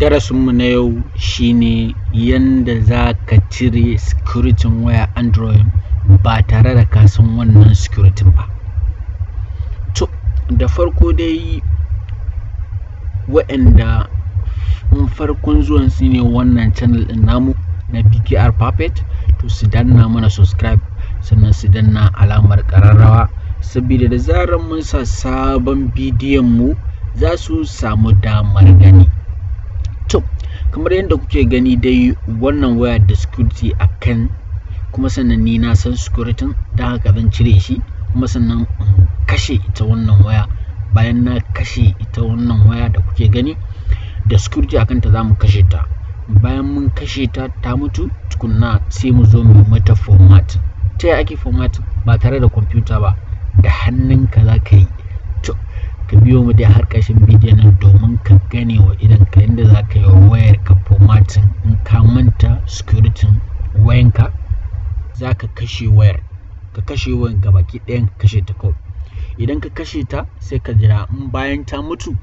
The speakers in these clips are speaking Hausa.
darasinmu na yau shine yadda za ka cire sikiritin waya android ba tare da kasan wannan sikiritin ba to da farko dai waɗanda in farkon zuwan su ne wannan channel namu na bkr puppet to su danna mana subscribe sannan su danna alamar ƙararrawa saboda da zarar mun sa sabon bidiyon mu za su samu damar gani to kamar yadda kuke gani dai wannan waya da security a kan kuma sannan ni na san security da haka zan cire shi kuma sannan in kashe ita wannan waya bayan na kashe ita wannan waya da kuke gani da security akan ta za mu kashe ta bayan mun kashe ta ta mutu tukunna sai mu zo mu mata format ta yaya ake format ba tare da kwamfuta ba da hannunka za ka yi to ka biyo mu dai har kashin bidiyon nan domin ka gane wa idan ka yadda za ka yi wa wayar ka in ka manta security wayanka za ka kashe wayar ka kashe wayan ga baki ɗayan ka kashe ta kawai idan ka kashe ta sai ka jira in bayan ta mutu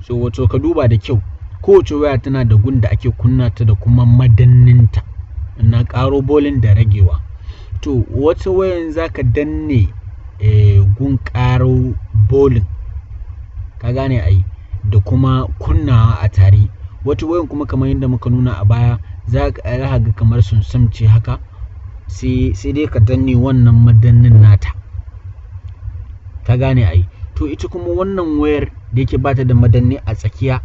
so wato ka duba da kyau kowace waya tana da gun da ake kunna ta da kuma madannin ta na karo bolin da ragewa to wata wayan za ka danne eh, gun karo bolin ka gane ai da kuma kunnawa a tare wata wayan kuma kamar yadda muka nuna a baya za ka ga kamar sun ce haka sai dai ka danne wannan madannin nata ka gane ai to ita kuma wannan wayar da yake bata da madanni a tsakiya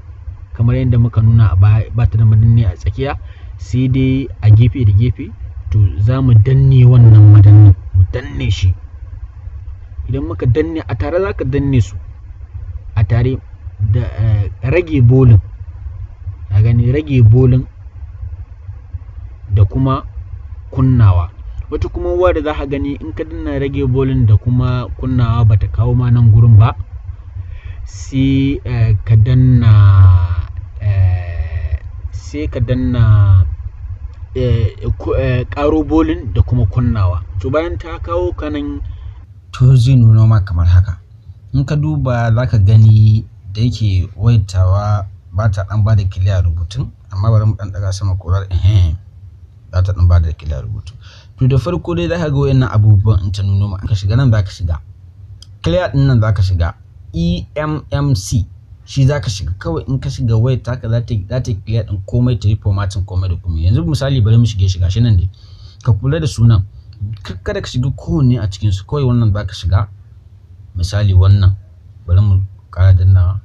kamar yadda muka nuna a baya bata da madanni a tsakiya sai dai a gefe da gefe to za mu danne wannan madannin mu danne shi idan muka danne a tare za ka danne su a tare da eh, rage bolin a gani rage bolin da kuma kunnawa wata kuma uwa da za ka gani in ka danna rage bolin da kuma kunnawa ba ta kawo ma nan gurin ba sai eh, ka danna eh, sai ka danna Eh, eh, ƙaro bolin da kuma kunnawa to bayan ta kawo kanan to zai nuno ma kamar haka in ka duba za ka gani da yake waitawa ba ta ɗan ba da kiliya rubutun amma bari mu ɗan ɗaga sama korar ehem za ta ɗan ba da kiliya rubutun to da farko dai za ka ga wayannan abubuwan in ta nuno ma ka shiga nan za ka shiga kiliya ɗin nan za ka shiga emmc shi zaka shiga kawai in ka shiga waya taka za ta za ta din komai ta yi formatting komai da komai yanzu misali bari mu shige shiga shi nan dai ka kula da sunan kada ka shiga kowanne a cikin su kawai wannan baka shiga misali wannan bari mu kara danna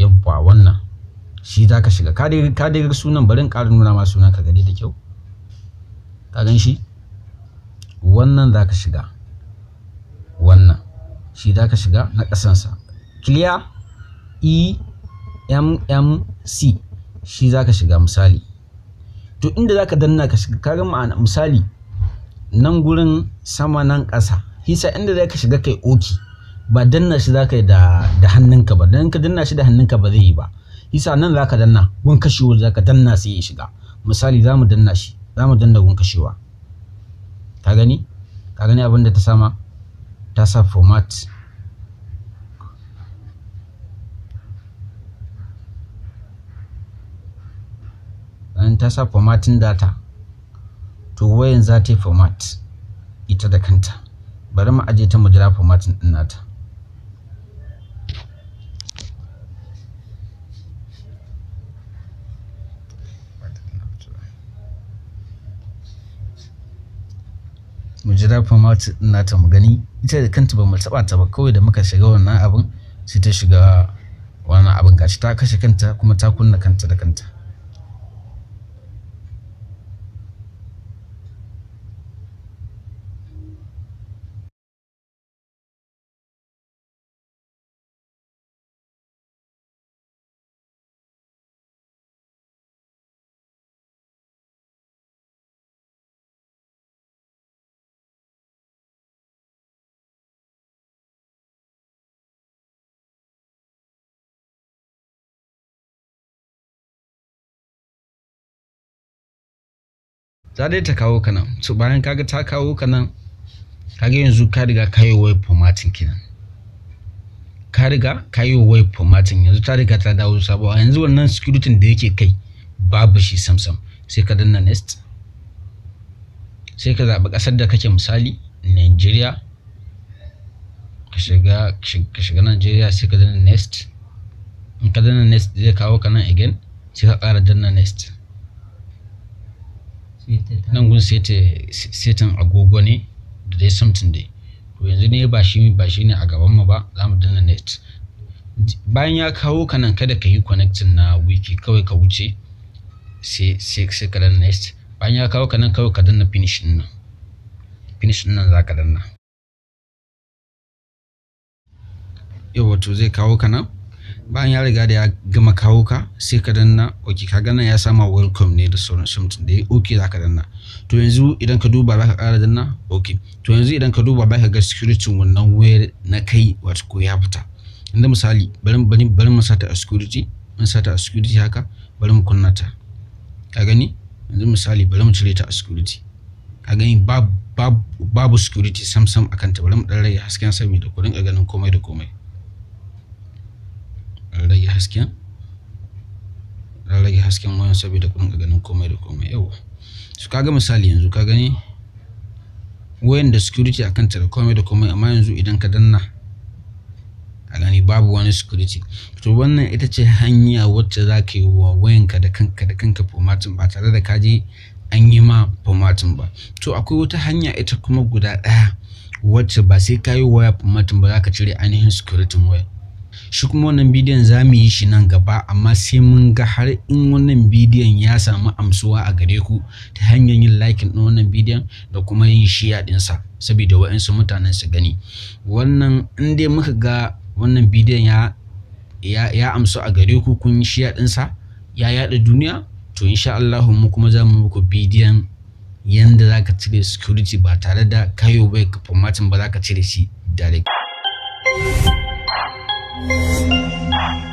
yabba wannan shi za ka shiga ka dai sunan bari in kara nuna ma sunan ka gani da kyau ka gan shi wannan za ka shiga wannan shi za ka shiga na ƙasansa clear e c shi za ka shiga misali to inda za ka danna ka shiga ga ma'ana misali nan gurin sama nan ƙasa hisa inda za ka shiga kai oki ba danna shi za ka yi da hannunka ba dan ka danna shi da hannunka ba zai yi ba hisa nan za ka danna gun kashewar za ka danna sai ya shiga misali za mu danna shi za mu danna gun kashewa ka gani ka gani abin da ta sama ta sa format ta sa formatting data to wayan za ta yi format ita da kanta bari mu aje ta mu jira formatting din nata mu jira formatting din nata mu gani ita da kanta ba mu taba ta ba kawai da muka shiga wannan abin sai ta shiga wannan abin gashi ta kashe kanta kuma ta kunna kanta da kanta za dai ta kawo ka nan to bayan kaga ta kawo ka nan kaga yanzu ka riga ka yi wai formatting kenan ka riga ka yi wai formatting yanzu ta riga ta dawo sabuwa yanzu wannan security da yake kai babu shi samsam sai ka danna next sai ka zaɓi ƙasar da kake misali Nigeria ka shiga ka shiga Nigeria sai ka danna next in ka danna next zai kawo ka nan again sai ka ƙara danna next nan gun setin agogo ne da dai something dai to yanzu ne ba shi ba shi ne a gaban mu ba za mu danna net bayan ya kawo ka nan kada ka yi connecting na wiki kawai ka wuce sai sai ka danna next bayan ya kawo ka nan kawai ka danna finish din nan finish din nan za ka danna yau wato zai kawo ka nan bayan ya riga da ya gama kawo ka sai ka danna ok ka gana ya sama welcome ne da sauran something da ya ok za ka danna to yanzu idan ka duba za ka kara danna ok to yanzu idan ka duba ba ga security wannan wayar na kai wato ko ya fita inda misali bari bari bari mu sata a security mun sata security haka bari mu kunna ta ka gani yanzu misali bari mu cire ta a security ka gani babu babu security sam sam akan ta bari mu dan rage hasken sami da kurin ganin komai da komai rage hasken rage hasken wayan saboda kun ganin komai da komai yau su kaga misali yanzu ka gani wayan da security akan ta da komai da komai amma yanzu idan ka danna a gani babu wani security to wannan ita ce hanya wacce za ka yi wa wayanka da kanka da kanka formatin ba tare da kaji an yi ma formatin ba to akwai wata hanya ita kuma guda ɗaya wacce ba sai ka yi waya formatin ba za ka cire ainihin security waya shi kuma wannan bidiyon za mu yi shi nan gaba amma sai mun ga har in wannan bidiyon ya samu amsuwa a gare ku ta hanyar yin likin ɗin wannan bidiyon da kuma yin shiya ɗinsa saboda wa'insu mutanen su gani wannan in dai muka ga wannan bidiyon ya amsu a gare ku kun shiya ɗinsa ya yaɗa duniya to insha Allah mu kuma za mu muku bidiyon yanda za ka cire security ba tare da kayo bai ka ba za ka cire shi direct 啊。